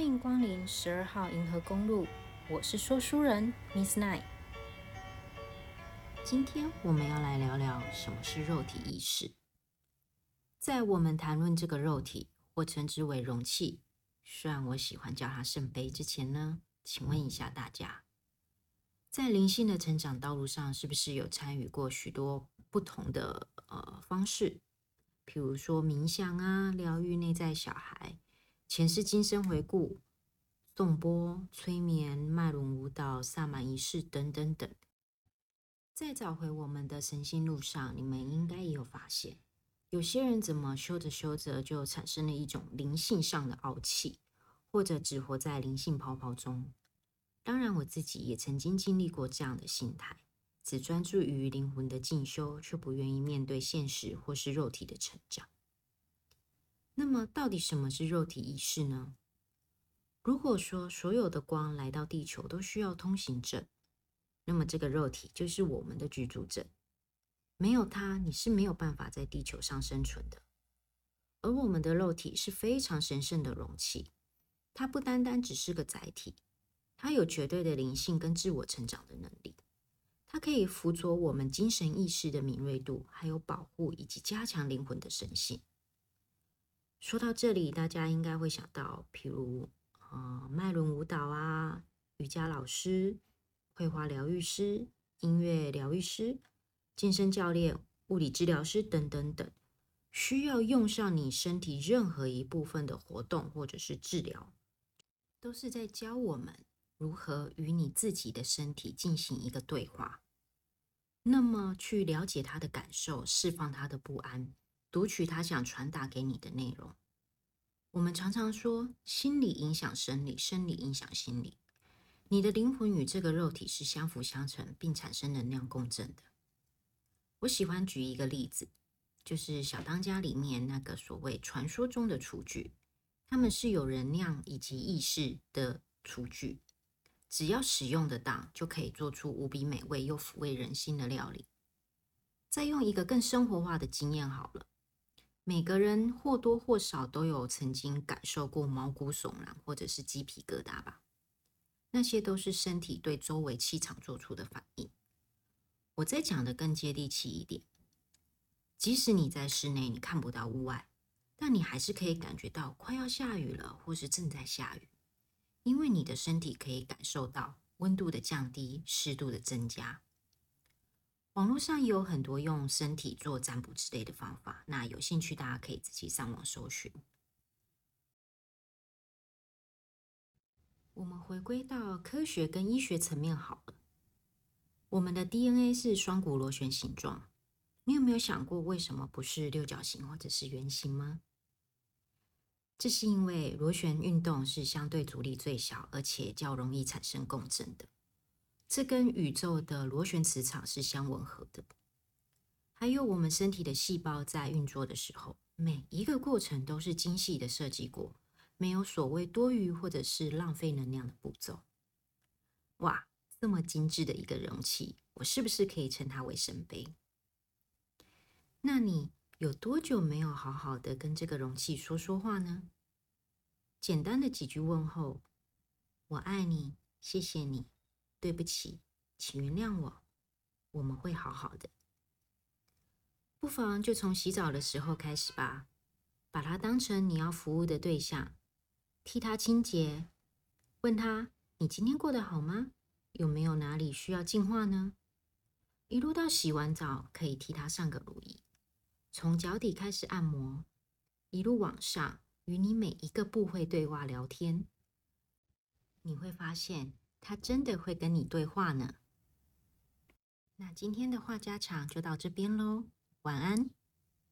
歡迎光臨十二號銀河公路，我是說書人 Miss Night。今天我們要來聊聊什麼是肉體意識。在我們談論這個肉體，或稱之為容器，雖然我喜歡叫它聖杯之前呢，請問一下大家，在靈性的成長道路上，是不是有參與過許多不同的呃方式，譬如說冥想啊，療癒內在小孩。前世今生回顧、頌缽、催眠、麥倫舞蹈、薩滿儀式等等等，在找回我們的神性路上，你們應該也有發現，有些人怎麼修着修着就產生了一種靈性上的傲氣，或者只活在靈性泡泡中。當然，我自己也曾經經歷過這樣的心態，只專注於靈魂的進修，卻不願意面對現實或是肉體的成長。那麼，到底什麼是肉體意識呢？如果說所有的光來到地球都需要通行證，那麼這個肉體就是我們的居住證。沒有它，你是沒有辦法在地球上生存的。而我們的肉體是非常神聖的容器，它不單單只是個載體，它有絕對的靈性跟自我成長的能力，它可以輔佐我們精神意識的敏銳度，還有保護以及加強靈魂的神性。說到這裡，大家應該會想到，譬如，呃、哦，麥倫舞蹈啊，瑜伽老師、繪畫療癒師、音樂療癒師、健身教練、物理治療師等等等，需要用上你身體任何一部分的活動或者是治療，都是在教我們如何與你自己的身體進行一個對話，那麼去了解他的感受，釋放他的不安。讀取他想傳達給你的內容。我們常常說，心理影響生理，生理影響心理。你的靈魂與這個肉體是相輔相成，並產生能量共振的。我喜歡舉一個例子，就是《小當家》裡面那個所謂傳說中的廚具，他們是有能量以及意識的廚具，只要使用得當，就可以做出無比美味又撫慰人心的料理。再用一個更生活化的經驗好了。每個人或多或少都有曾經感受過毛骨悚然或者是雞皮疙瘩吧，那些都是身體對周圍氣場做出的反應。我再講的更接地氣一點，即使你在室內，你看不到屋外，但你還是可以感覺到快要下雨了，或是正在下雨，因為你的身體可以感受到溫度的降低、濕度的增加。網絡上也有很多用身體做占卜之類的方法，那有興趣大家可以自己上網搜尋。我們回歸到科學跟醫學層面好了。我們的 DNA 是雙股螺旋形狀，你有沒有想過為什麼不是六角形或者是圓形嗎？這是因為螺旋運動是相對阻力最小，而且較容易產生共振的。這跟宇宙的螺旋磁場是相吻合的。還有，我們身體的細胞在運作的時候，每一個過程都是精細的設計過，沒有所謂多餘或者是浪費能量的步驟。哇，這麼精緻的一個容器，我是不是可以稱它為聖杯？那你有多久沒有好好的跟這個容器說說話呢？簡單的幾句問候，我愛你，謝謝你。對不起，請原諒我，我們會好好的。不妨就從洗澡的時候開始吧，把它當成你要服務的對象，替它清潔，問它你今天過得好嗎？有沒有哪裡需要淨化呢？一路到洗完澡，可以替它上個乳液；從腳底開始按摩，一路往上，與你每一個部位對話聊天，你會發現。他真的會跟你對話呢。那今天的話家常就到這邊嘍，晚安。